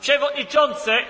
Przewodniczący!